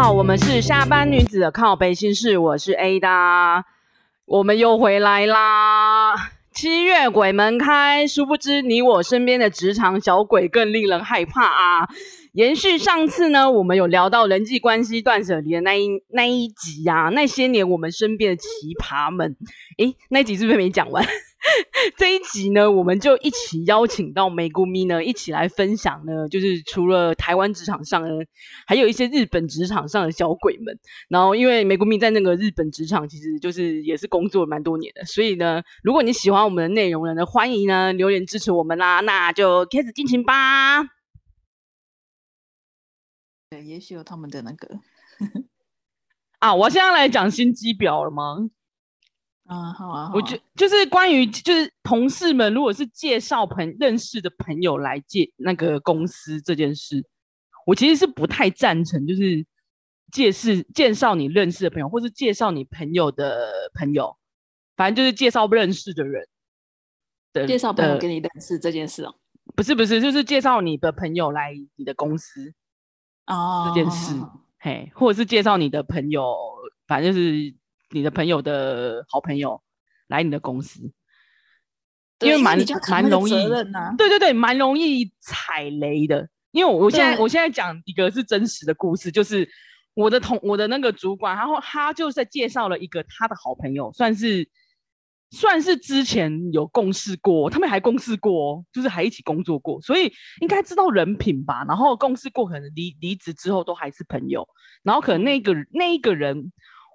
好，我們是下班女子的靠北心事，我是 Ada，我們又回來啦。七月鬼門開，殊不知你我身邊的職場小鬼更令人害怕啊。延續上次呢，我們有聊到人際關係斷捨離的那一那一集呀，啊，那些年我們身邊的奇葩們，誒，那一集是不是沒講完？ 這一集呢，我們就一起邀請到 MEGUMI 呢，一起來分享呢，就是除了台灣職場上呢，還有一些日本職場上的小鬼們。然後，因為 MEGUMI 在那個日本職場，其實就是也是工作了蠻多年的，所以呢，如果你喜歡我們的內容呢，歡迎呢留言支持我們啦，那就開始進行吧。對，也許有他們的那個呵呵啊！我現在來講心機婊了嗎？啊，好啊，好啊，我覺就，就是關於就是同事們，如果是介紹朋認識的朋友來借那個公司這件事，我其實是不太贊成，就是介紹介紹你認識的朋友，或是介紹你朋友的朋友，反正就是介紹不認識的人的，介紹朋友給你認識這件事哦、喔，不是不是，就是介紹你的朋友來你的公司。哦，這件事，oh. 嘿，或者是介紹你的朋友，反正就是你的朋友的好朋友來你的公司，對因為蠻、啊、蠻容易對對對，蠻容易踩雷的。因為我我現在對我現在講一個是真實的故事，就是我的同我的那個主管，然後他就是在介紹了一個他的好朋友，算是。算是之前有共事過，他們還共事過，就是還一起工作過，所以應該知道人品吧。然後共事過，可能離離職之後都還是朋友。然後可能那個那一個人，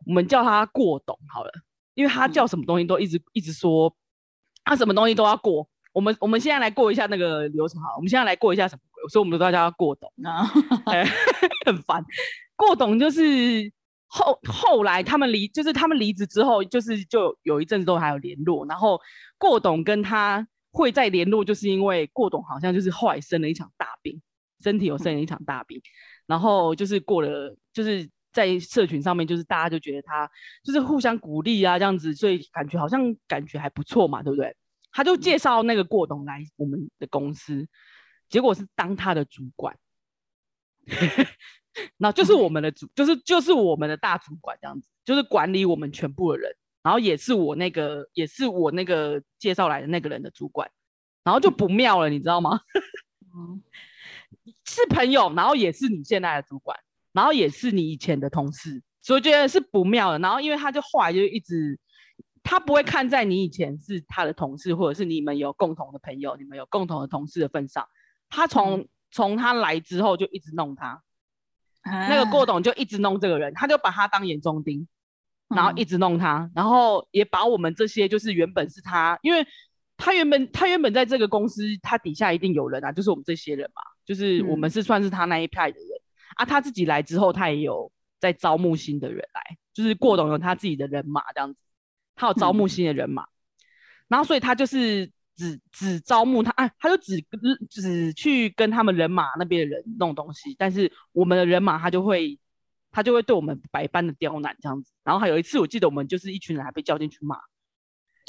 我們叫他過董好了，因為他叫什麼東西都一直一直說，他什麼東西都要過。嗯、我們我們現在來過一下那個流程好，我們現在來過一下什麼鬼，所以我們都叫他過董啊，oh. 很煩。過董就是。後後來他們離就是他們離職之後，就是就有一陣子都還有聯絡，然後過董跟他會再聯絡，就是因為過董好像就是後來生了一場大病，身體有生了一場大病，嗯、然後就是過了就是在社群上面就是大家就覺得他就是互相鼓勵啊這樣子，所以感覺好像感覺還不錯嘛，對不對？他就介紹那個過董來我們的公司，結果是當他的主管。 那就是我們的主，就是就是我們的大主管這樣子，就是管理我們全部的人，然後也是我那個也是我那個介紹來的那個人的主管，然後就不妙了，你知道嗎？嗯、 是朋友，然後也是你現在的主管，然後也是你以前的同事，所以我覺得是不妙的。然後因為他就後來就一直，他不會看在你以前是他的同事，或者是你們有共同的朋友，你們有共同的同事的份上，他從、嗯、從他來之後就一直弄他。那個郭董就一直弄這個人，他就把他當眼中釘，嗯、然後一直弄他，然後也把我們這些就是原本是他，因為他原本他原本在這個公司，他底下一定有人啊，就是我們這些人嘛，就是我們是算是他那一派的人，嗯、啊。他自己來之後，他也有在招募新的人來，就是郭董有他自己的人馬這樣子，他有招募新的人馬，嗯、然後所以他就是。只只招募他，哎、啊，他就只只，只去跟他們人馬那邊的人弄東西，但是我們的人馬他就會他就會對我們百般的刁難這樣子。然後還有一次，我記得我們就是一群人還被叫進去罵，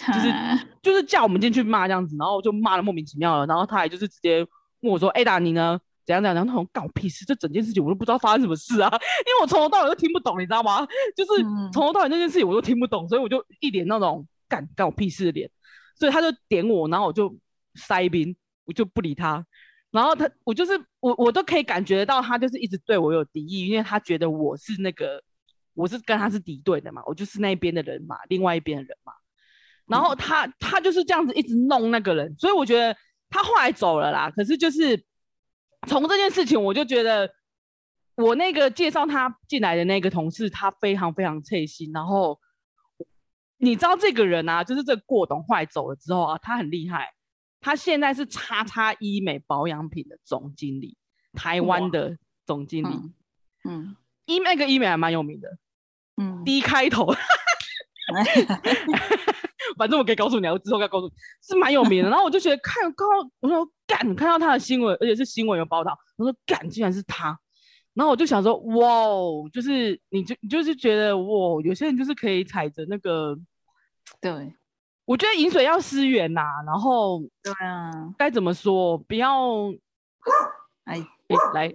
嗯、就是就是叫我們進去罵這樣子，然後就罵的莫名其妙了。然後他也就是直接問我說哎，Ada、欸、你呢？怎樣怎樣？”然後，那種干我屁事，這整件事情我都不知道發生什麼事啊，因為我從頭到尾都聽不懂，你知道嗎？就是從頭到尾那件事情我都聽不懂，嗯、所以我就一臉那種干干我屁事的臉。所以他就點我，然後我就塞兵，我就不理他。然後他，我就是我，我都可以感覺到他就是一直對我有敵意，因為他覺得我是那個，我是跟他是敵對的嘛，我就是那一邊的人嘛，另外一邊的人嘛。然後他，嗯、他就是這樣子一直弄那個人。所以我覺得他後來走了啦。可是就是從這件事情，我就覺得我那個介紹他進來的那個同事，他非常非常貼心，然後。你知道這個人啊，就是這個過董後來走了之後啊，他很厲害。他現在是叉叉醫美保養品的總經理，台灣的總經理。嗯，醫美跟醫美還蠻有名的。嗯，D 開頭。反正我可以告訴你啊，我之後要告訴你，是蠻有名的。然後我就覺得看到，我說幹，看到他的新聞，而且是新聞有報道。我說幹，竟然是他。然後我就想說，哇，就是你就你就是覺得哇，有些人就是可以踩着那個。對，我覺得飲水要思源吶、啊，然後對啊，該怎麼說，不要哎唉、欸，來，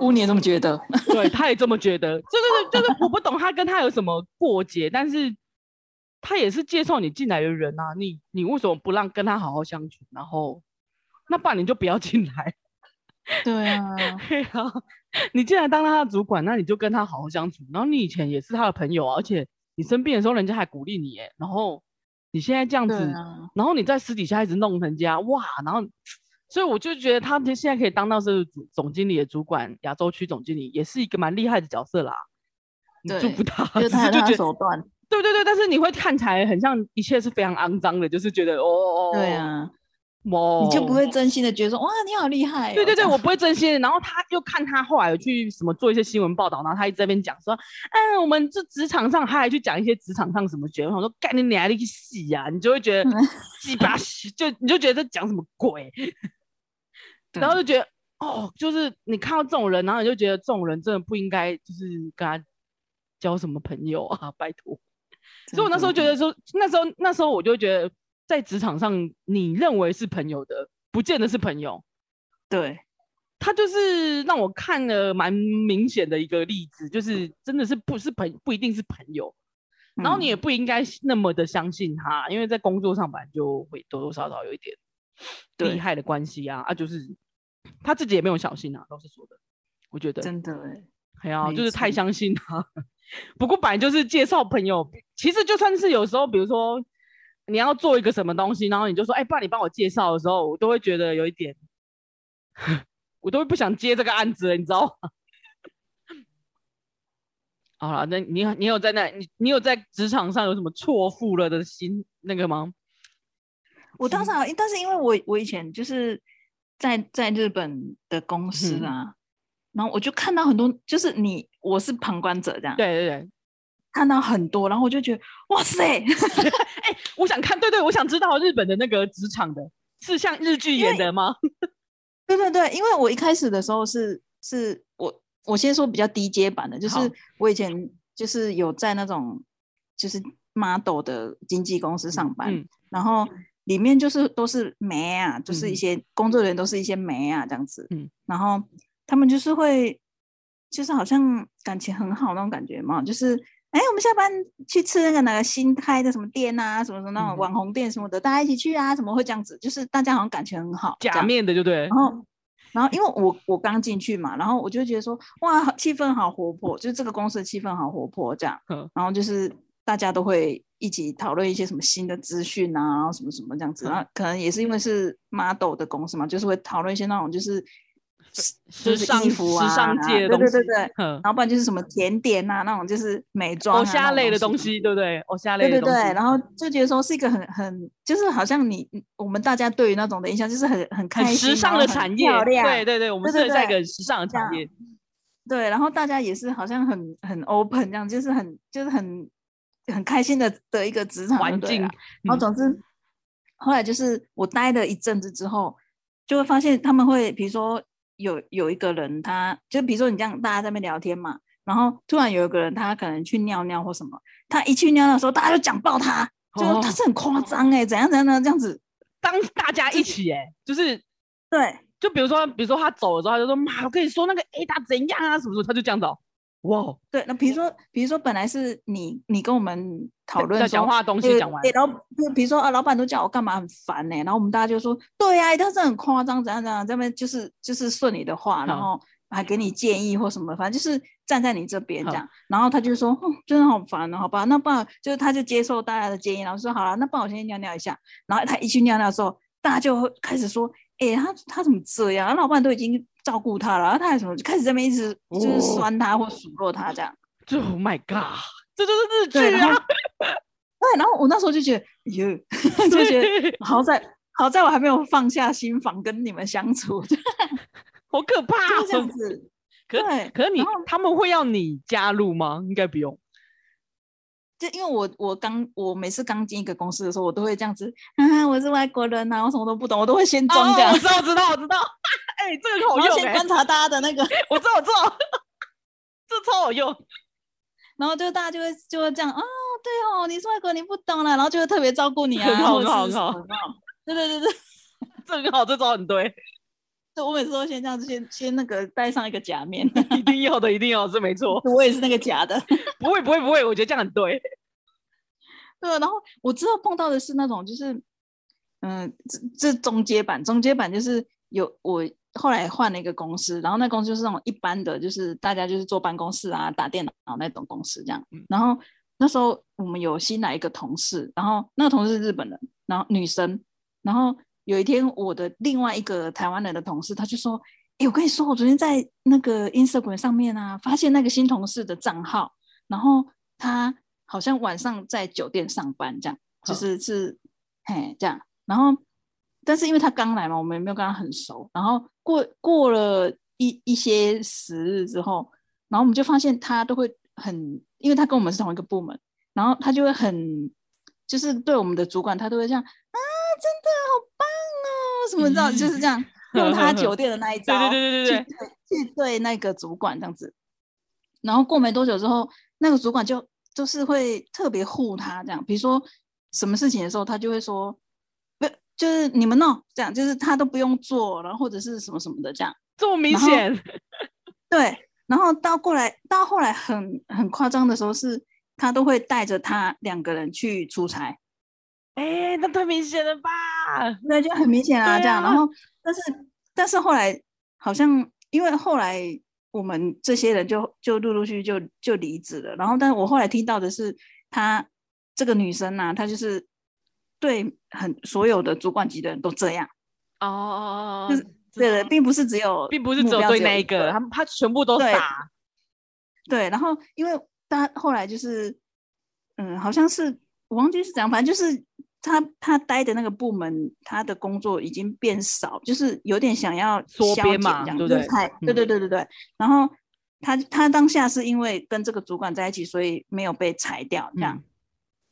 烏年這麼覺得，對，他也這麼覺得， 就是、就是、就是我不懂他跟他有什麼過節，但是他也是介紹你進來的人啊，你你為什麼不讓跟他好好相處？然後那不然，你就不要進來， 對啊， 你既然當了他的主管，那你就跟他好好相處，然後你以前也是他的朋友、啊，而且。你生病的時候，人家還鼓勵你耶，然後你現在這樣子，啊、然後你在私底下一直弄人家哇，然後所以我就覺得他現在可以當到是總經理的主管，亞洲區總經理，也是一個蠻厲害的角色啦。對你做不到，只是就太拿手段。對對對，但是你會看起來很像一切是非常骯髒的，就是覺得哦。哦對啊。猛你就不會真心的覺得說哇你好厲害，喔。對對對，樣我不會真心的。然後他又看他後來有去什麼做一些新聞報道然後他一直在那邊講說，嗯，我們這職場上，他還去講一些職場上什麼覺得，我說幹你娘的去死呀，啊，你就會覺得雞巴洗， 就你就覺得講什麼鬼。嗯，然後就覺得哦，就是你看到這種人，然後你就覺得這種人真的不應該就是跟他交什麼朋友啊，拜託。的所以我那時候覺得說，那時候那時候我就覺得。在職場上，你認為是朋友的，不見得是朋友。對，他就是讓我看了蠻明顯的一個例子，就是真的是不是朋，不一定是朋友。然後你也不應該那麼的相信他，嗯、因為在工作上本來就會多多少少有一點厲害的關係啊。對啊，就是他自己也沒有小心啊，老實說的，我覺得真的哎、欸，呀、啊、錯就是太相信他。 不過本來就是介紹朋友，其實就算是有時候，比如說。你要做一個什麼東西，然後你就說：“哎、欸，爸，你幫我介紹的時候，我都會覺得有一點，我都會不想接這個案子了，你知道嗎？”好了，那你你有在那，你你有在職場上有什麼錯付了的心那個嗎？我當時好，但是因為我我以前就是在在日本的公司啊，嗯、然後我就看到很多，就是你我是旁觀者這樣，對對對。看到很多，然後我就覺得哇塞！哎、 欸，我想看，對對，我想知道日本的那個職場的是像日劇演的嗎？對對對，因為我一開始的時候是是我，我我先說比較低階版的，就是我以前就是有在那種就是 model 的經紀公司上班，嗯、然後裡面就是都是妹啊，嗯、就是一些工作人員都是一些妹啊這樣子，嗯、然後他們就是會，就是好像感情很好那種感覺嘛，就是。哎，欸、我們下班去吃那個哪個新開的什麼店啊，什麼什麼那種網紅店什麼的，大家一起去啊，什麼會這樣子？就是大家好像感情很好，假面的就對。然後，然後因為我我剛進去嘛，然後我就覺得說，哇，氣氛好活潑，就是這個公司的氣氛好活潑這樣。然後就是大家都會一起討論一些什麼新的資訊啊，什麼什麼這樣子。然後可能也是因為是 model 的公司嘛，就是會討論一些那種就是。時時尚時尚界的東西，對對對，然後不然就是什麼甜點啊，那種就是美妝、偶像類的東西，對不對？偶像類的東西，對對。然後就覺得說是一個很很，就是好像你我們大家對於那種的印象就是很很開心、時尚的產業，對對對，我們是在一個很時尚的產業。對，然後大家也是好像很很 open 這樣，就是很就是很很開心的的一個職場環境。然後總之，後來就是我待了一陣子之後，就會發現他們會比如說。有有一個人他，他就比如說你這樣大家在那邊聊天嘛，然後突然有一個人他可能去尿尿或什麼，他一去尿尿的時候，大家就講爆他，哦、就他是很誇張誒，哦、怎樣怎樣呢這樣子，當大家一起誒、欸，就是、就是、對，就比如說比如說他走的時候，他就說媽，我跟你說那個 A 他怎樣啊什麼時候他就這樣子、哦。哇，Wow. 對，那比如說，比如說本來是你，你跟我們討論講話的東西講完，對、欸，然後就比如說啊，老闆都叫我幹嘛，很煩呢、欸。然後我們大家就說，嗯、對呀、啊，他是很誇張，怎樣怎樣，這邊就是就是順你的話，嗯、然後還給你建議或什麼，反正就是站在你這邊這樣。嗯、然後他就說，嗯、哼真的好煩，好吧好，那不就他就接受大家的建議，然後說好了，那不好，我先尿尿一下。然後他一去尿尿的時候，大家就開始說。哎、欸，他他怎麼這樣？他老闆都已經照顧他了，然後他還什麼就開始在那邊一直就是酸他或數落他這樣？這 oh, oh my God！這就是日劇啊對！對，然後我那時候就覺得，哎、呦對 就覺得好在好在我還沒有放下心房跟你們相處， 好可怕、哦、這樣子。可對可你後他們會要你加入嗎？應該不用。就因為我我剛我每次剛進一個公司的時候，我都會這樣子啊，我是外國人吶、啊，我什麼都不懂，我都會先裝這樣、啊哦。我知道，我知道，我知道。哎、 欸，這個很好用、欸、我先觀察大家的那個，我知道，我知道， 這超好用。然後就大家就會就會這樣哦、啊，對哦，你是外國人，你不懂了，然後就會特別照顧你啊，很好，很好，好。 對對對對，這很好，這招很對。對，我每次都先這樣子先，先先那個戴上一個假面。 一定要的，一定要的，是沒錯。 我也是那個假的。 不會，不會，不會，我覺得這樣很對。對，然後我知道碰到的是那種，就是，嗯，這這中間版，中間版就是有，我後來換了一個公司，然後那公司就是那種一般的，就是大家就是坐辦公室啊、打電腦那種公司這樣。然後那時候我們有新來一個同事，然後那個同事是日本人，然後女生，然後。有一天，我的另外一個台灣人的同事，他就說：“誒、欸，我跟你說，我昨天在那個 Instagram 上面啊，發現那個新同事的賬號，然後他好像晚上在酒店上班，這樣，就是是，呵嘿，這樣。然後，但是因為他剛來嘛，我們也沒有跟他很熟。然後過過了一一些時日之後，然後我們就發現他都會很，因為他跟我們是同一個部門，然後他就會很，就是對我們的主管，他都會這樣，啊，真的。”這、嗯、麼知道就是這樣，呵呵呵，用他酒店的那一招，對對對對去去對那個主管這樣子。然後過沒多久之後，那個主管就就是會特別護他這樣，比如說什麼事情的時候，他就會說，不就是你們弄這樣，就是他都不用做，然後或者是什麼什麼的這樣。這麼明顯？對。然後到過來到後來很很誇張的時候，是他都會帶着他兩個人去出差。哎、欸，那太明顯了吧？那就很明顯啊，啊這樣。然後，但是，但是後來好像，因為後來我們這些人就就陸陸續續就就離職了。然後，但是我後來聽到的是，她這個女生吶、啊，她就是對很所有的主管級的人都這樣哦，就、oh, 是對的，並不是只有，並不是只有對那一個，她她全部都傻。對，對，然後因為她後來就是，嗯，好像是。我忘記是是講，反正就是他他待的那個部門，他的工作已經變少，就是有點想要縮編嘛，對不對？對對對對對對。嗯、然後他他當下是因為跟這個主管在一起，所以沒有被裁掉這樣。嗯、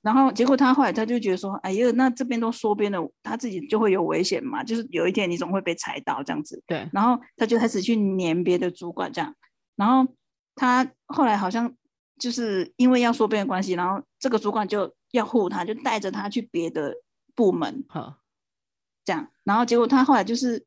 然後結果他後來他就覺得說：“哎呦，那這邊都縮編了，他自己就會有危險嘛，就是有一天你總會被裁到這樣子。”對。然後他就開始去黏別的主管這樣。然後他後來好像就是因為要縮編的關係，然後這個主管就。要護他，就帶着他去別的部門，哈、嗯，這樣。然後結果他後來就是，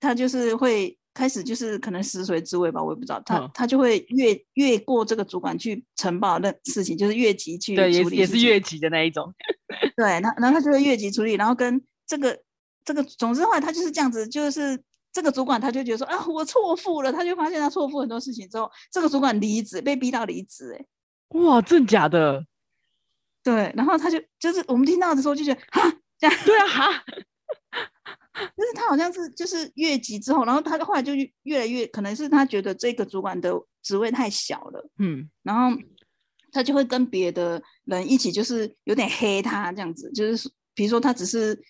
他就是會開始就是可能食髓知味吧，我也不知道。嗯、他他就會越越過這個主管去呈報的事情，就是越級去處理對，也是，也是越級的那一種。 對，然後他就會越級處理，然後跟這個這個，總之後來他就是這樣子，就是這個主管他就覺得說啊，我錯付了，他就發現他錯付很多事情之後，這個主管離職，被逼到離職、欸。哇，真假的？對，然後他就就是我們聽到的時候就覺得哈這樣，對啊，哈， 就是他好像是就是越級之後，然後他的話就越越來越，可能是他覺得這個主管的職位太小了，嗯，然後他就會跟別的人一起，就是有點黑他這樣子，就是比如說他只是。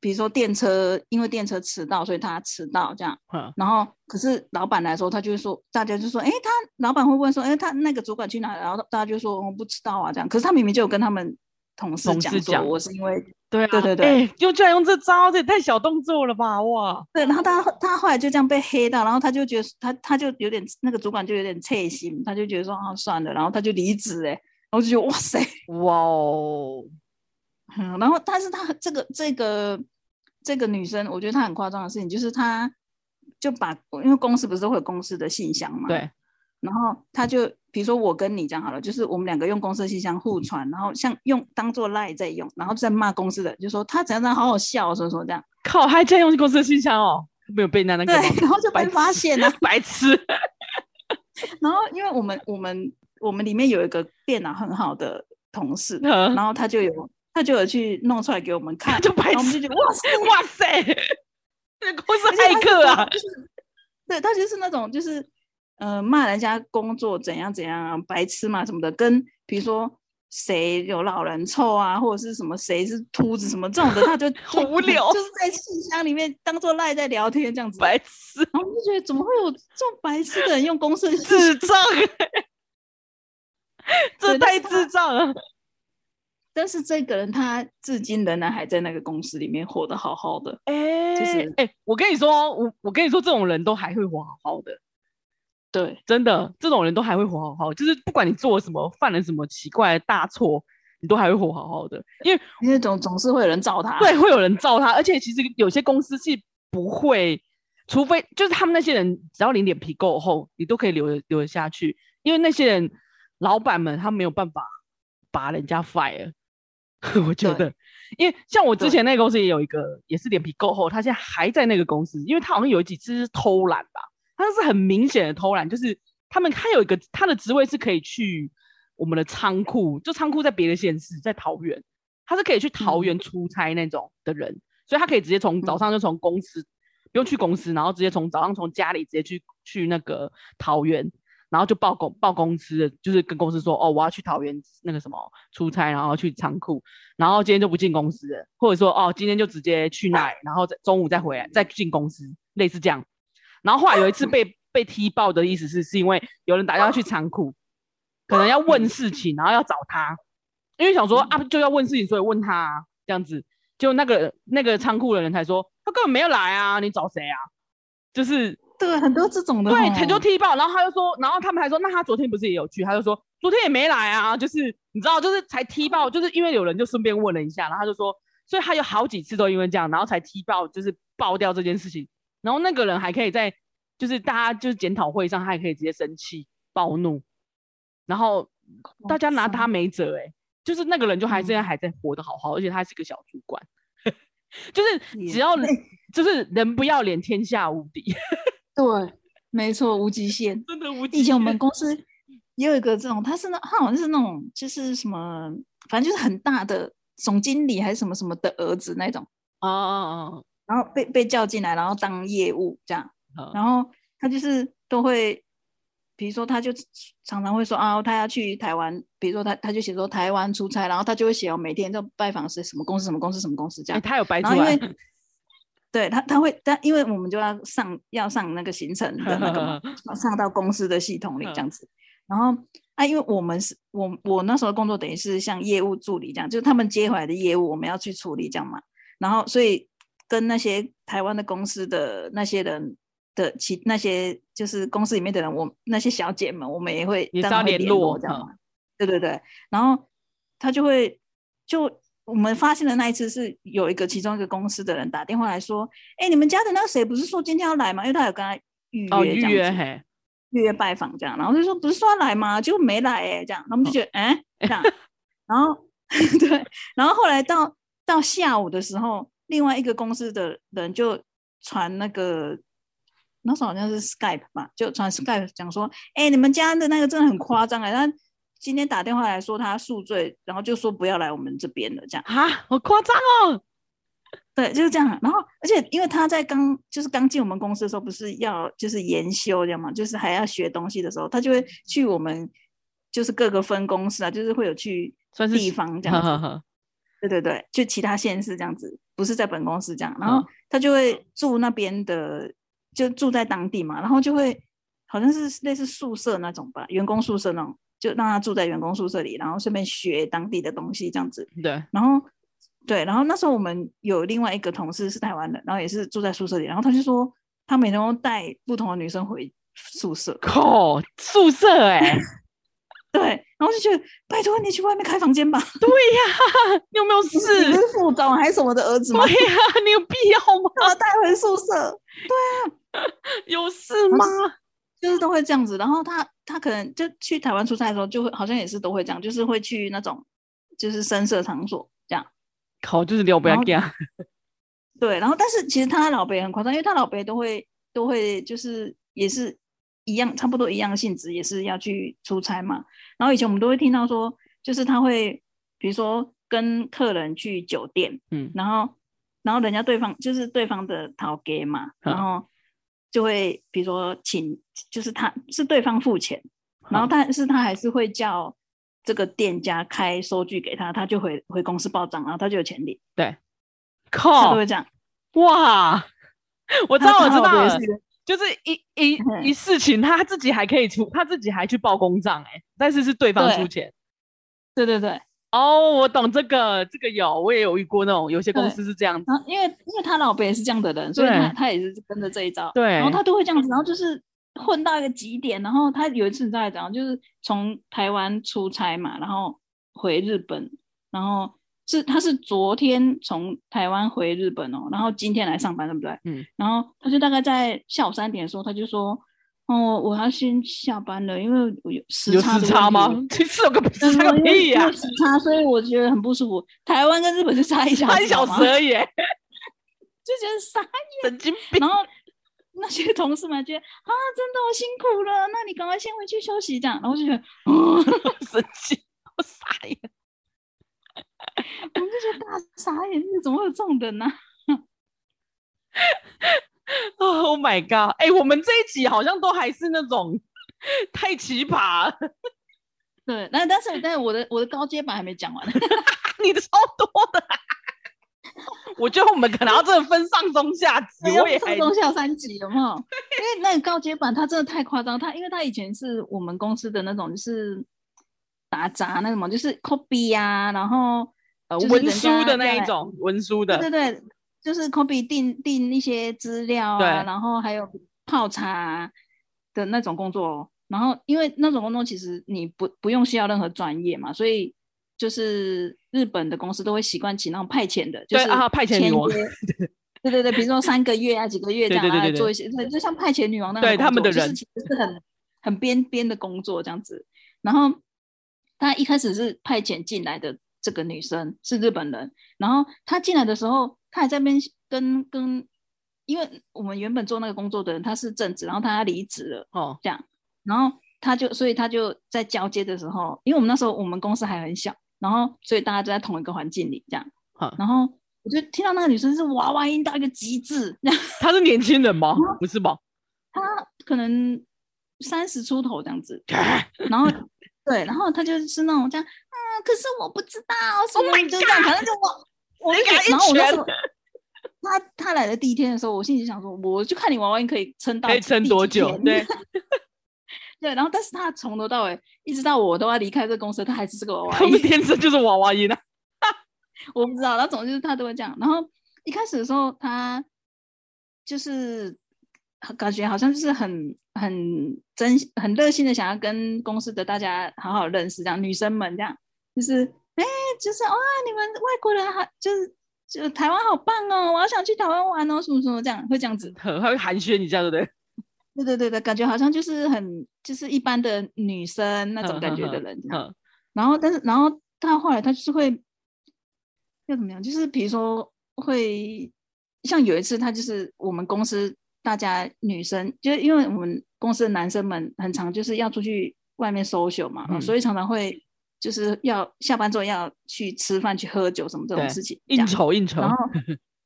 比如說電車，因為電車遲到，所以他遲到這樣。嗯、然後，可是老闆來說，他就是說，大家就說，哎、欸，他老闆會問說，哎、欸，他那個主管去哪？然後大家就說、哦、不知道啊這樣。可是他明明就有跟他們同事講講，我是因為對啊，對對對，對、欸，就居然用這招，這也太小動作了吧，哇！對，然後他他後來就這樣被黑到，然後他就覺得他他就有點那個主管就有點切心，他就覺得說啊算了，然後他就離職哎，然後就覺得哇塞，哇哦。嗯、然後，但是他這個這個這個女生，我覺得她很誇張的事情，就是她就把，因為公司不是都會有公司的信箱嘛？對。然後她就，比如說我跟你講好了，就是我們兩個用公司的信箱互傳，然後像用當做賴在用，然後在罵公司的，就說他怎樣怎樣，好好笑，什麼什麼這樣。靠，還真用公司的信箱哦？沒有被那那個？對，然後就被發現了， 白痴。 然後，因為我們我們我們裡面有一個電腦很好的同事，嗯、然後他就有。他就有去弄出來給我們看，就拍，我們就覺得哇塞哇塞，這塞 公司愛客啊！ 對，他就是那種就是，呃，罵人家工作怎樣怎樣、啊、白痴嘛什麼的，跟比如說誰有老人臭啊，或者是什麼誰是禿子什麼這種的， 他就 好無聊，就是在信箱裡面當做賴在聊天這樣子白痴，我就覺得怎麼會有這種白痴的人用公司智障，欸， 這太智障了。 但是這個人他至今仍然還在那個公司裡面活得好好的，哎、欸，就是。哎、欸，我跟你說，我我跟你說，這種人都還會活好好的，對，真的，對，這種人都還會活好好的，就是不管你做了什麼，犯了什麼奇怪的大錯，你都還會活好好的，因為因為總總是會有人罩他，對，會有人罩他，而且其實有些公司是不會，除非就是他們那些人，只要你臉皮夠厚，你都可以留留得下去，因為那些人老板們他沒有辦法把人家 fire。 我覺得，對因為像我之前那個公司也有一個，對也是臉皮夠厚，他現在還在那個公司，因為他好像有幾次是偷懶吧，他是很明顯的偷懶，就是他們他有一個他的職位是可以去我們的倉庫，就倉庫在別的縣市，在桃園，他是可以去桃園出差那種的人，嗯、所以他可以直接從早上就從公司，嗯、不用去公司，然後直接從早上從家裡直接去去那個桃園。然後就報公報公司，就是跟公司說，哦，我要去桃園那個什麼出差，然後去倉庫，然後今天就不進公司了，或者說，哦，今天就直接去那，嗯、然後中午再回來、嗯、再進公司，類似這樣。然後後來有一次被、嗯、被踢爆的意思是，是因為有人打電話去倉庫，嗯、可能要問事情，然後要找他，因為想說、嗯、啊，就要問事情，所以問他、啊、這樣子，就那個那個倉庫的人才說，他根本沒有來啊，你找誰啊？就是。對很多這種的，對，他就踢爆，然後他就說，然後他們還說，那他昨天不是也有去？他就說昨天也沒來啊，就是你知道，就是才踢爆，就是因為有人就順便問了一下，然後他就說，所以他有好幾次都因為這樣，然後才踢爆，就是爆掉這件事情。然後那個人還可以在，就是大家就是檢討會上，他還可以直接生氣暴怒，然後大家拿他沒轍，哎、欸，就是那個人就還現在還在活得好好，嗯、而且他還是個小主管， 就是只要對就是人不要臉，天下無敵。 對，沒錯，無極限。 真的無極限。以前我們公司也有一個這種，他是那他好像是那種，就是什麼，反正就是很大的總經理還是什麼什麼的兒子那種哦。Oh. 然後被被叫進來，然後當業務這樣。Oh. 然後他就是都會，比如說他就常常會說啊，他要去台灣，比如說他他就寫說台灣出差，然後他就會寫我、哦、每天都拜訪什麼什麼公司什麼公司什麼公司這樣。欸、他有拜訪啊？ 對他，他會，但因為我們就要上，要上那個行程的那個嘛 上到公司的系統裡這樣子。然後，哎、啊，因為我們是我我那時候工作，等於是像業務助理這樣，就是他們接回來的業務，我們要去處理這樣嘛。然後，所以跟那些台灣的公司的那些人的其那些就是公司裡面的人，我那些小姐們，我們也會跟他們聯絡，聯絡、嗯、這樣嘛。對對對，然後他就會就。我們發現的那一次是有一個，其中一個公司的人打電話來說：“哎、欸，你們家的那個誰不是說今天要來嗎？因為他有跟他預約這樣子，預約，哦，預約，嘿，預約拜訪這樣。然後就說不是說要來嗎？就沒來哎，這樣。然後我們就覺得，哎，這樣。然後，然後 對，然後後來到到下午的時候，另外一個公司的人就傳那個那時候好像是 Skype 吧，就傳 Skype 講說：哎、欸，你們家的那個真的很誇張哎，那今天打電話來說他宿醉，然後就說不要來我們這邊了，這樣啊，好誇張哦！對，就是這樣。然後，而且因為他在剛就是剛進我們公司的時候，不是要就是研修這樣嘛，就是還要學東西的時候，他就會去我們就是各個分公司啊，就是會有去地方這樣，呵呵呵對對對，就其他縣市這樣子，不是在本公司這樣。然後他就會住那邊的，嗯、就住在當地嘛，然後就會好像是類似宿舍那種吧，員工宿舍那種。就讓他住在員工宿舍裡，然後順便學當地的東西，這樣子。對。然後，對，然後那時候我們有另外一個同事是台灣的，然後也是住在宿舍裡，然後他就說他每天都帶不同的女生回宿舍。靠，oh, 宿舍哎、欸。 對，然後就覺得，拜託你去外面開房間吧。對呀、啊，你有沒有事？你，你是副總還是我的兒子嗎？對呀、啊，你有必要嗎？把我帶回宿舍？對、啊， 有事嗎？嗯就是都會這樣子，然後他他可能就去台灣出差的時候，就會好像也是都會這樣，就是會去那種就是聲色場所這樣，好，就是撩不要 g a 對，然後但是其實他老婆也很誇張，因為他老婆也都會都會就是也是一樣差不多一樣性質，也是要去出差嘛。然後以前我們都會聽到說，就是他會比如說跟客人去酒店，嗯，然後然後人家對方就是對方的討 g 嘛，嗯、然後。就會比如說請，就是他是對方付錢，嗯、然後但是他還是會叫這個店家開收據給他，他就回回公司報賬，然後他就有錢領。對，靠，是不是這樣？哇， 我知道，我知道，就是一一一事情，他自己還可以出，嗯、他自己還去報公賬哎、欸，但是是對方出錢。對，對對對。哦，oh, 我懂這個，這個有，我也有遇過那種，有些公司是這樣子，然後因為因為他老婆也是這樣的人，對所以他他也是跟着這一招，對，然後他都會這樣子，然後就是混到一個極點，對然後他有一次在講，就是從台灣出差嘛，然後回日本，然後是他是昨天從台灣回日本哦，然後今天來上班，對不對？嗯，然後他就大概在下午三點的時候，他就說。哦，我要先下班了，因為我有時差，有時差嗎？其 是有個時差而已啊！時差，所以我覺得很不舒服。 台灣跟日本就差一小時而已， 就覺得傻眼。神經病。然後那些同事們覺得啊，真的我辛苦了，那你趕快先回去休息。一下，然後就覺得啊，哦、 神奇，我傻眼。 我們就覺得大傻眼，那怎麼會這樣的呢？ Oh my god！哎、欸，我們這一集好像都還是那種 太奇葩了。對，那但是但是我的我的高階版還沒講完， 你的超多的、啊。 我覺得我們可能要真的分上中下級。 我也上、哎、中下三級，有沒有？ 因為那個高階版它真的太誇張，它因為它以前是我們公司的那種就是打雜那什麼，就是 copy 呀、啊，然後呃文書的那一種文書的，對,對對。就是 copy 訂訂、一些資料啊，對然後還有泡茶、啊、的那種工作，然後因為那種工作其實你不不用需要任何專業嘛，所以就是日本的公司都會習慣請那種派遣的，就是對啊派遣女王對對對，對對對對比如說三個月啊幾個月這樣對對對對來做一些對，就像派遣女王那樣，對他們的人就其實是很很邊邊的工作這樣子，然後他一開始是派遣進來的。這個女生是日本人，然後她進來的時候，她還在那邊跟跟，因為我們原本做那個工作的人她是正職，然後她離職了哦，這樣，然後她就，所以她就在交接的時候，因為我們那時候我們公司還很小，然後所以大家都在同一個環境裡這樣，哦、然後我就聽到那個女生是娃娃音到一個極致，她是年輕人嗎？不是吧？她 可能三十出頭這樣子，然後。 對，然後他就是那種這樣，啊、嗯，可是我不知道，什麼，你就這樣，Oh my God, 反正就我，我一開始，然後我那時候，他他來的第一天的時候，我心裡就想說，我就看你娃娃音可以撐到，可以撐多久？對， 對，然後但是他從頭到尾，一直到我都要離開這個公司，他還是這個娃娃音，他們天生就是娃娃音啊？ 我不知道，他總之就是他都會這樣。然後一開始的時候，他就是。感覺好像就是很很真很熱心的，想要跟公司的大家好好認識這樣。女生們這樣就是哎，就是、欸就是、哇，你們外國人還就是就台灣好棒哦，我好想去台灣玩哦，是是什麼什麼這樣會這樣子，很他會寒暄一下，你這樣對不對？對對對，感覺好像就是很就是一般的女生那種感覺的人。呵呵呵，然後但是然後他後來他就是會要怎麼樣？就是比如說會像有一次他就是我們公司。大家女生就因為我們公司的男生們，很常就是要出去外面 social 嘛、嗯嗯，所以常常會就是要下班之後要去吃飯、去喝酒什麼這種事情這樣子，應酬應酬。然後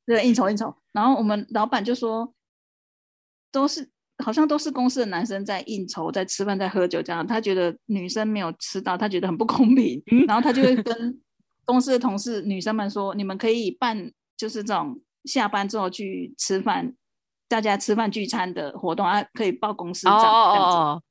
對，應酬應酬。然後我們老闆就說，都是好像都是公司的男生在應酬，在吃飯，在喝酒這樣。他覺得女生沒有吃到，他覺得很不公平。嗯、然後他就會跟公司的同事 女生們說，你們可以辦就是這種下班之後去吃飯。大家吃飯聚餐的活動啊，可以報公司這樣子。Oh, oh, oh, oh.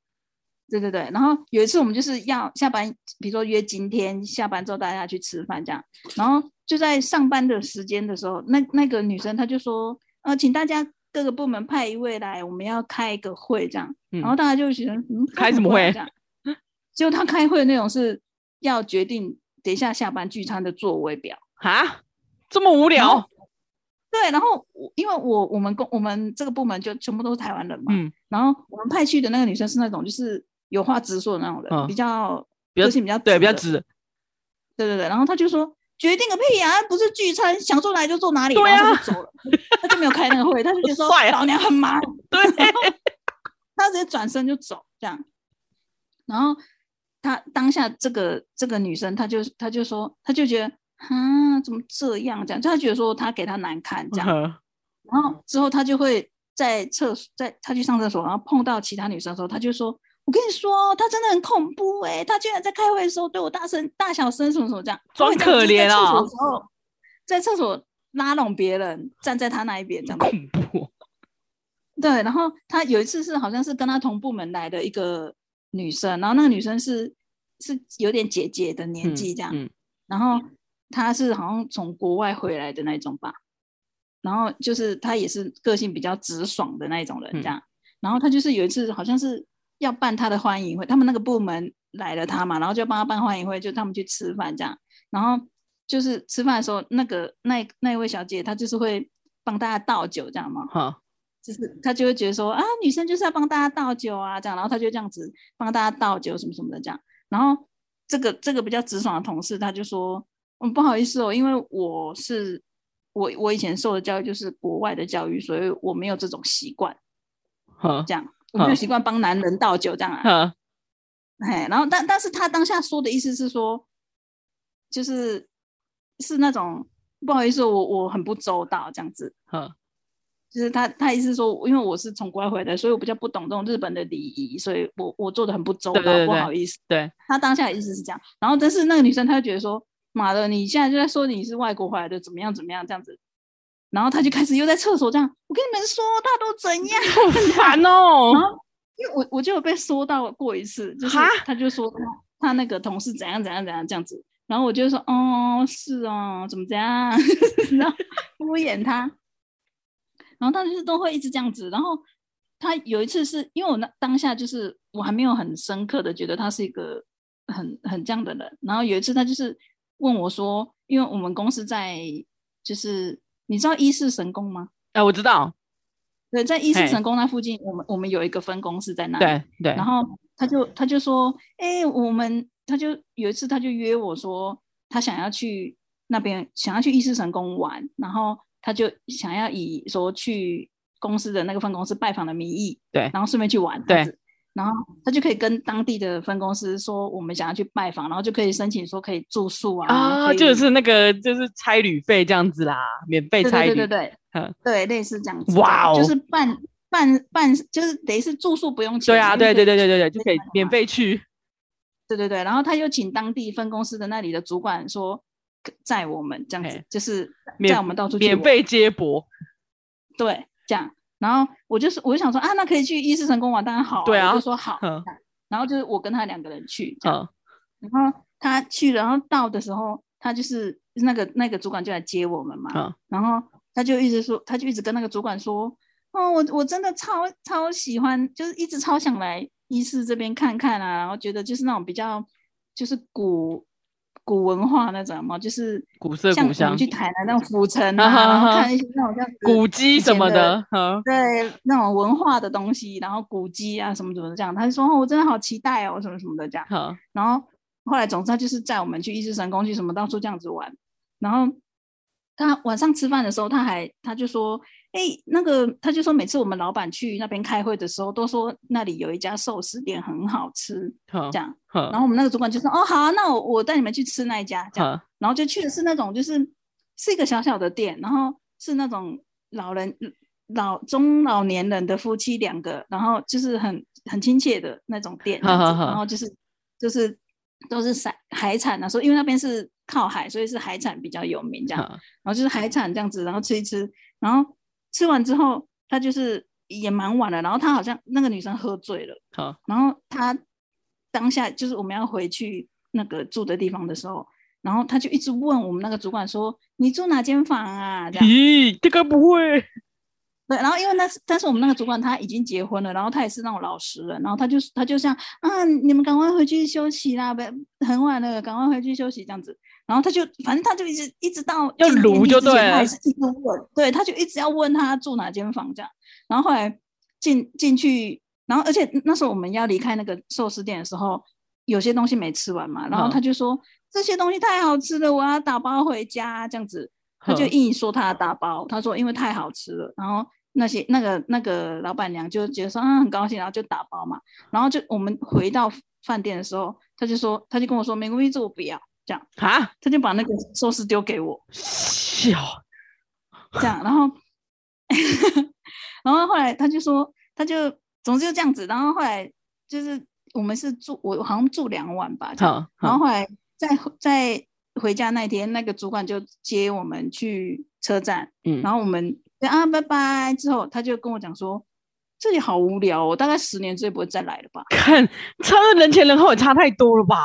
對對對，然後有一次我們就是要下班，比如說約今天下班之後大家去吃飯這樣。然後就在上班的時間的時候，那那個女生她就說：“呃、啊，請大家各個部門派一位來，我們要開一個會這樣。嗯”然後大家就覺得：“嗯，開什麼會？”這樣，結果她開會的內容是要決定等一下下班聚餐的座位表。哈，這麼無聊。對，然後我因為我我們公我,我們這個部門就全部都是台灣人嘛，嗯、然後我們派去的那個女生是那種就是有話直說的那種人，嗯、比較個性比較對，比較直的。對對對，然後他就說決定個屁啊，不是聚餐，想坐哪裡就坐哪裡，對啊、然後他就走了， 他就沒有開那個會，他就覺得說帥、啊、老娘很忙，對，他直接轉身就走這樣。然後他當下這個這個女生，她就她就說，她就覺得。啊，怎麼這樣？這樣，就他覺得說他給他難看這樣，Okay. 然後之後他就會在廁所，在他去上廁所，然後碰到其他女生的時候，他就說：“我跟你說，他真的很恐怖哎、欸，他居然在開會的時候對我大聲、大小聲什麼什麼這樣。”裝可憐啊。然後在廁所，在廁所拉攏別人，站在他那一邊這樣恐怖。對，然後他有一次是好像是跟他同部門來的一個女生，然後那個女生是是有點姐姐的年紀、嗯、這樣，嗯、然後。他是好像從國外回來的那一種吧，然後就是他也是個性比較直爽的那一種人，這樣。嗯、然後他就是有一次好像是要辦他的歡迎會，他們那個部門來了他嘛，然後就要幫他辦歡迎會，就他們去吃飯這樣。然後就是吃飯的時候，那個那那位小姐她就是會幫大家倒酒，這樣嘛，哈、嗯，就是她就會覺得說啊，女生就是要幫大家倒酒啊，這樣。然後她就這樣子幫大家倒酒什麼什麼的這樣。然後這個這個比較直爽的同事他就說。嗯，不好意思哦，因為我是我我以前受的教育就是國外的教育，所以我沒有這種習慣。好呵，這樣呵我沒有習慣幫男人倒酒這樣啊。哎呵，然後但但是他當下說的意思是說，就是是那種不好意思，我我很不周到這樣子。哈呵。就是他他意思說，因為我是從國外回來，所以我比較不懂這種日本的禮儀，所以我我做的很不周到，對對對，不好意思。對，他當下意思是這樣，然後但是那個女生她就覺得說。媽的！馬，你現在就在說你是外國回來的，怎麼樣怎麼樣這樣子，然後他就開始又在廁所這樣。我跟你們說，他都怎樣， 很煩哦然後，因為我我就有被說到過一次，就是他就說他蛤他那個同事怎樣怎樣怎樣這樣子，然後我就說哦，是哦，怎麼怎樣， 然後敷衍他。然後他就是都會一直這樣子。然後他有一次是因為我那當下就是我還沒有很深刻的覺得他是一個很很這樣的人。然後有一次他就是。問我說：“因為我們公司在，就是你知道伊勢神宮嗎？哎、啊，我知道。對，在伊勢神宮那附近，嘿我們我們有一個分公司在那裡，對。對對。然後他就他就說，哎、欸，我們他就有一次他就約我說，他想要去那邊，想要去伊勢神宮玩。然後他就想要以說去公司的那個分公司拜訪的名義，對，然後順便去玩，對。”然後他就可以跟當地的分公司說，我們想要去拜訪，然後就可以申請說可以住宿啊，啊，以就是那個就是差旅費這樣子啦，免費差旅，對，對對對對，呵對，類似這樣子，哇哦，就是辦辦辦，就是等於是住宿不用錢，對啊，對對對對對，就可以免費去，對對對，然後他又請當地分公司的那裡的主管說載我們這樣子，嘿就是載免我們到處免費接駁，對，這樣。然後我就是，我就想說啊，那可以去伊勢神宮玩，當然好。對啊。我就說好，嗯啊。然後就是我跟他兩個人去，嗯、然後他去然後到的時候，他就是那個那個主管就來接我們嘛。嗯、然後他就一直說，他就一直跟那個主管說，哦，我我真的超超喜歡，就是一直超想來伊勢這邊看看啊，然後覺得就是那種比較就是古。古文化那種嘛，就是像古、啊、古色古香，去台南那種古城啊哈哈，看一些那種古跡什麼的，啊、對，那種文化的東西，然後古跡啊什麼什麼的這樣，他就說、哦：“我真的好期待哦，什麼什麼的這樣。啊”然後後來，總之他就是載我們去一之神工去什麼到處這樣子玩，然後他晚上吃飯的時候，他還他就說。誒、欸，那個他就說，每次我們老闆去那邊開會的時候，都說那裡有一家壽司店很好吃，這樣。然後我們那個主管就說：“哦，好啊，那我我帶你們去吃那一家。”這樣，然後就去的是那種就是是一個小小的店，然後是那種老人老中老年人的夫妻兩個，然後就是很很親切的那種店，然後就是就是都是海海產啊，說因為那邊是靠海，所以是海產比較有名，這樣。然後就是海產這樣子，然後吃一吃，然後。吃完之後，他就是也蠻晚了。然後他好像那個女生喝醉了，好、啊。然後他當下就是我們要回去那個住的地方的時候，然後他就一直問我們那個主管說：“你住哪間房啊？”咦，這個不會。對，然後因為那是但是我們那個主管他已經結婚了，然後他也是那種老實人，然後他就他就像啊，你們趕快回去休息啦，不要很晚了，趕快回去休息這樣子。然後他就反正他就一直一直，到要爐就對、啊，對他就一直要問他住哪間房這樣。然後後來進進去，然後而且那時候我們要離開那個壽司店的時候，有些東西沒吃完嘛。然後他就說呵這些東西太好吃了，我要打包回家這樣子。他就硬說他要打包，他說因為太好吃了。然後那些那個那個老闆娘就覺得說啊很高興，然後就打包嘛。然後就我們回到飯店的時候，他就說他就跟我說沒關係，這我不要。講啊，他就把那個壽司丟給我，笑，這樣，然後， 然後後來他就說，他就，總之就是這樣子，然後後來就是我們是住，我好像住兩晚吧、嗯，然後後來在在回家那天，那個主管就接我們去車站，嗯、然後我們啊拜拜，之後他就跟我講說，這裡好無聊哦，大概十年之內不會再來了吧，看，差的人前人後也差太多了吧。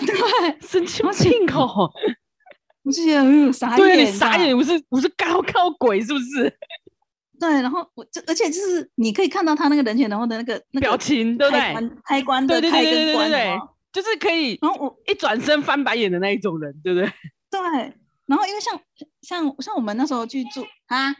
對，生氣我親口， 不是也很有傻眼？對、嗯，傻眼！我對是我是高高鬼，是不是？對，然後我就而且就是你可以看到他那個人前人後的那個那個表情，對不對，對，對，對，對？開關的開跟關對，對，對，對，就是可以。然後我一轉身翻白眼的那一種人，對不對？對，然後因為像像像我們那時候去住啊，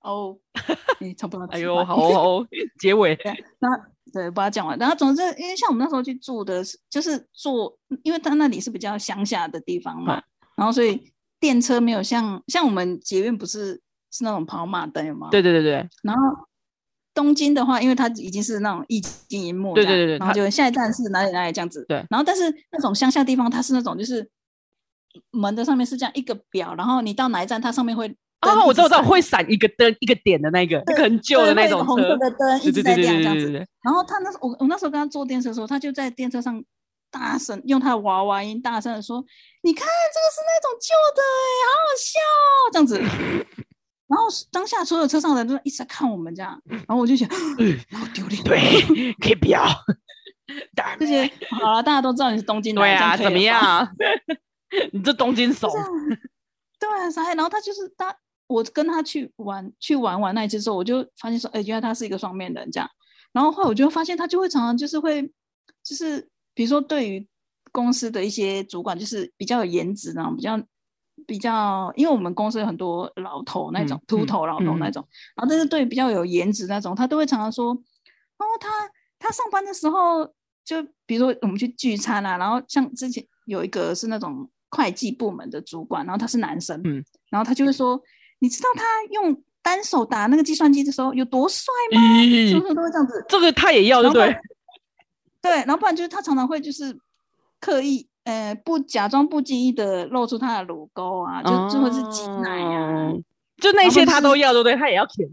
哦、欸，你差不多。哦、 哎呦，好哦，結尾那。 對，把它講完。然後總之，因為像我們那時候去住的是，就是坐，因為它那裡是比較鄉下的地方嘛，嗯、然後所以電車沒有像像我們捷運不是是那種跑馬燈，有嗎？對對對對。然後東京的話，因為它已經是那種液晶螢幕，對對對對。然後就下一站是哪裡哪裡這樣子。對它。然後但是那種鄉下地方，它是那種就是門的上面是這樣一個表，然後你到哪一站，它上面會。然後我知道，我知道會閃一個燈、一個點的那個，是很舊的那種紅色的燈一直在亮，這樣子。然後他那我我那時候跟他坐電車的時候，他就在電車上大聲用他的娃娃音大聲的說：“你看這個是那種舊的哎，好好笑哦，這樣子。”然後當下所有車上人都一直在看我們這樣。然後我就想，嗯，好丟臉，對，可以不要打，這些好了，大家都知道你是東京的，對啊，怎麼樣？你這東京手，對，啊。然後他就是他。我跟他去玩去玩玩那一次之後，我就發現說，哎、欸，原來他是一個雙面人這樣。然後後來我就發現他就會常常就是會，就是比如說對於公司的一些主管，就是比較有顏值啊，比較比較，因為我們公司有很多老頭那種禿頭老頭那種，然後但是對於比較有顏值那種，他都會常常說，然後哦，他他上班的時候，就比如說我們去聚餐啊，然後像之前有一個是那種會計部門的主管，然後他是男生，嗯，然後他就會說。你知道他用單手打那個計算機的時候有多帥嗎？嗯、是不是都會這樣子？這個他也要對，對不對？對，要不然就是他常常會就是刻意呃不假裝不經意的露出他的乳溝啊，就最後、哦、是擠奶啊，就那些他都要，對不對？他也要舔。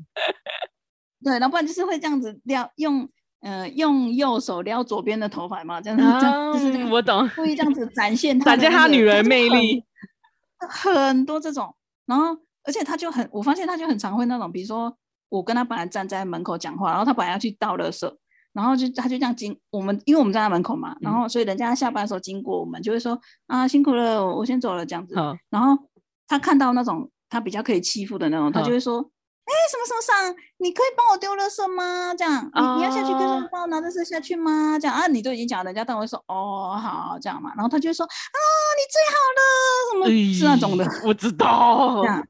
對，要不然就是會這樣子撩，用呃用右手撩左邊的頭髮嘛，真的是就是、這個、我懂，故意這樣子展現他、那個、展現他女人魅力很，很多這種，然後。而且他就很，我發現他就很常會那種，比如說我跟他本來站在門口講話，然後他本來要去倒垃圾，然後就他就這樣經我們，因為我們站在門口嘛，嗯、然後所以人家下班的時候經過我們就會說，啊，辛苦了，我先走了這樣子。好然後他看到那種他比較可以欺負的那種，好他就會說。哎、欸，什麼什麼上、啊？你可以幫我丟垃圾嗎？這樣，你你要下去跟上我拿垃圾下去嗎？這樣啊，啊，你都已經講了，人家當會說哦好，好這樣嘛，然後他就說啊你最好了，什麼是那種的，欸、我知道，這樣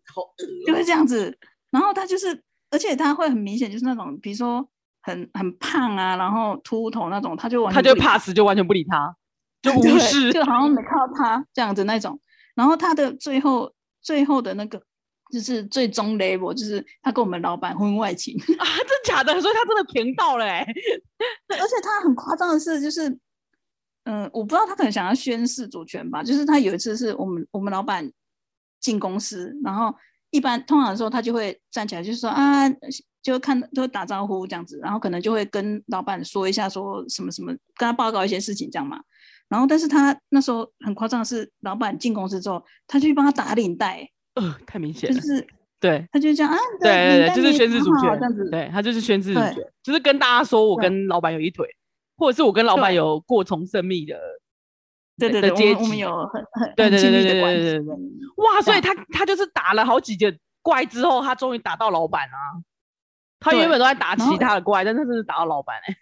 就會這樣子。然後他就是，而且他會很明顯就是那種，比如說很很胖啊，然後禿頭那種，他就完全不理他就怕死，就完全不理他，就無視、啊，就好像沒看到他這樣子那種。然後他的最後最後的那個。就是最終 level，就是他跟我們老板婚外情啊，真假的，所以他真的偏到了欸，而且他很誇張的是，就是嗯、呃，我不知道他可能想要宣示主權吧，就是他有一次是我們我們老板進公司，然後一般通常的時候他就會站起來，就是說啊，就會看就會打招呼這樣子，然後可能就會跟老板說一下說什麼什麼，跟他報告一些事情這樣嘛，然後但是他那時候很誇張的是，老板進公司之後，他就去幫他打領帶。呃，太明顯了，就是對，他就這樣啊，對對對，就是宣誓主權，對，他就是宣誓主權，就是跟大家說，我跟老板有一腿，或者是我跟老板有過從甚密的，對對對，我們我們有很很親密的關係，哇！所以他他就是打了好幾個怪之後，他終於打到老板了。他原本都在打其他的怪，但他就是打到老板哎，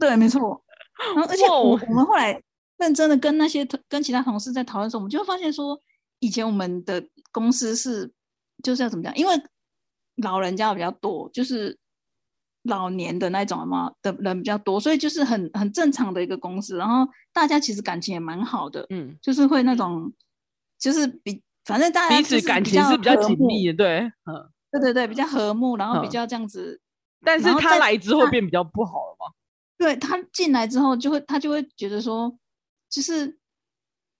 對，沒錯，然後，而且我我們後來認真的跟那些跟其他同事在討論的時候，我們就會發現說，以前我們的。公司是，就是要怎麼講？因為老人家比較多，就是老年的那種嘛的人比較多，所以就是很很正常的一個公司。然後大家其實感情也蠻好的，嗯，就是會那種，就是比反正大家其實彼此感情是比較緊密的，對，嗯，對對對，比較和睦，然後比較這樣子。嗯，但是他來之後變比較不好了嗎？他對，他進來之後，就會他就會覺得說，就是。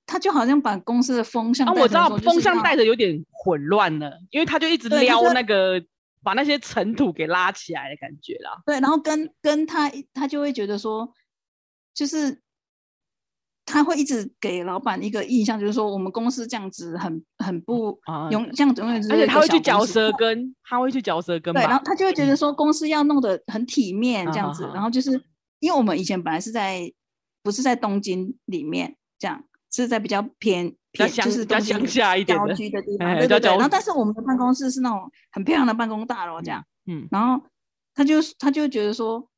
他就好像把公司的風向，啊，我知道風向帶的有點混亂了，因為他就一直撩、就是、那個，把那些塵土給拉起來的感覺啦。對，然後跟跟他，他就會覺得說，就是他會一直給老闆一個印象，就是說我們公司這樣子很很不，嗯、用這樣子永遠，而且他會去嚼舌根，他會去嚼舌根。對，然後他就會覺得說公司要弄得很體面這樣子，嗯、然後就是因為我們以前本來是在，不是在東京裡面這樣。是在比較偏，比較就是比較鄉下，一點居的地方，對對對。然後但是我們的辦公室是那種很漂亮的辦公大樓，這樣。嗯。然後他就他就覺得說，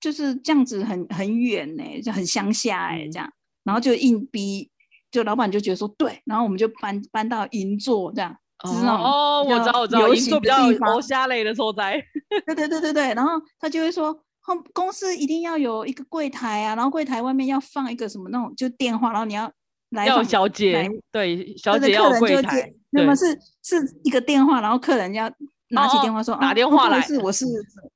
就是這樣子很很遠呢，就很鄉下哎，這樣。然後就硬逼，就老闆就覺得說對，然後我們就搬搬到銀座這樣。哦，我知道我知道，銀座比較摩蝦類的所在。對對對對對。然後他就會說，公公司一定要有一個櫃台啊，然後櫃台外面要放一個什麼那種就電話，然後你要。要小姐，對小姐要櫃檯，那麼是是一個電話，然後客人要拿起電話說打電話來，是我是，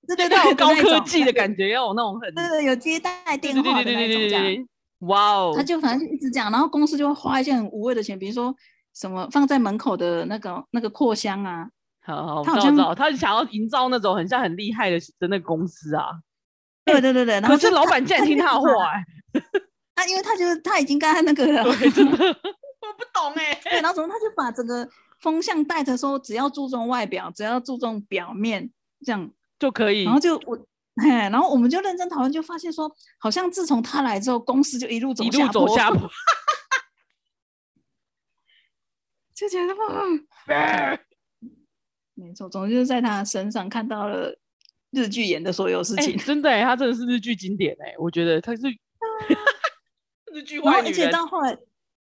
對對對，高科技的感覺，要有那種很，對對，有接待電話的那種，對對對對，哇哦，他就反正一直講，然後公司就會花一些很無謂的錢，比如說什麼放在門口的那個那個貨箱啊，好好，他他想要營造那種很像很厲害的的那個公司啊，對對對對，可是老闆竟然聽他話哎。那、啊、因為他就是他已經剛才那個了，呵呵我不懂哎、欸。對，然後從他就把整個風向帶着，說只要注重外表，只要注重表面，這樣就可以。然後就我嘿，然後我們就認真討論，就發現說，好像自從他來之後，公司就一路走一路走下坡。 就覺得哇， 沒錯，總之就是在他身上看到了日劇演的所有事情。欸、真的、欸，他真的是日劇經典哎、欸，我覺得他是。然後，而且到後來，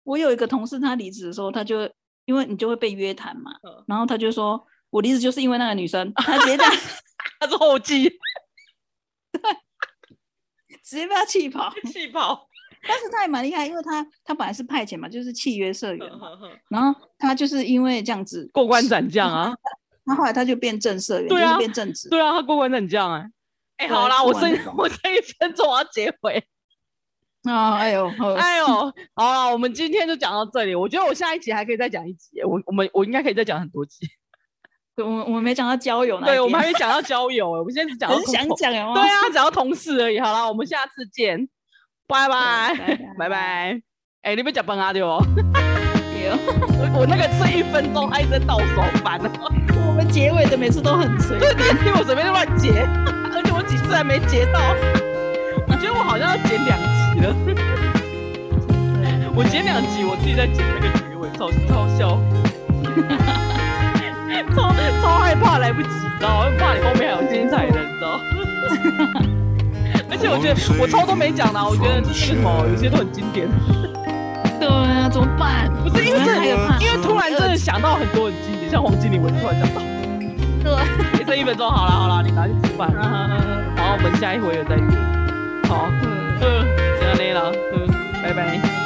我有一個同事，他離職的時候，他就因為你就會被約談嘛。然後他就說，我離職就是因為那個女生，他覺得他是後妻，直接被他氣跑，氣跑。但是他也蠻厲害，因為他他本來是派遣嘛，就是契約社員嘛。然後他就是因為這樣子過關斬將啊。他後來他就變正社員，對啊，變正職，對啊，他過關斬將哎。哎，好啦，我剩我剩一分鐘，我要結尾。啊，哎呦、哦，哎呦，好，了、哎呦好啦，我們今天就講到這裡。我覺得我下一集還可以再講一集，我我們我應該可以再講很多集。對我我沒講到交友，對我們還沒講到交友， 我們現在只講想講，對啊，講到同事而已。好了，我們下次見，拜拜，拜拜，哎拜、欸，你不要講崩啊，阿掉，對哦、我我那個這一分鐘還一直在倒數煩呢。 我們結尾的每次都很隨便，因為我隨便亂截， 而且我幾次還沒截到， 我覺得我好像要剪兩集。 我剪兩集，我自己在剪那個結尾，超超笑，超超害怕，來不及，你知道，會怕你後面還有精彩的，你知道。 而且我覺得我超都沒講呢、啊，我覺得為什麼有些都很經典。對啊，怎麼辦？不是因為真的，因為突然真的想到很多經 很多經典，像黃經理，我就突然想到。對、啊，你、欸、剩一分鐘，好了好了，你拿去吃飯。然後 好，我們下一回有再約，好。 嗯，行了，累了，嗯，拜拜。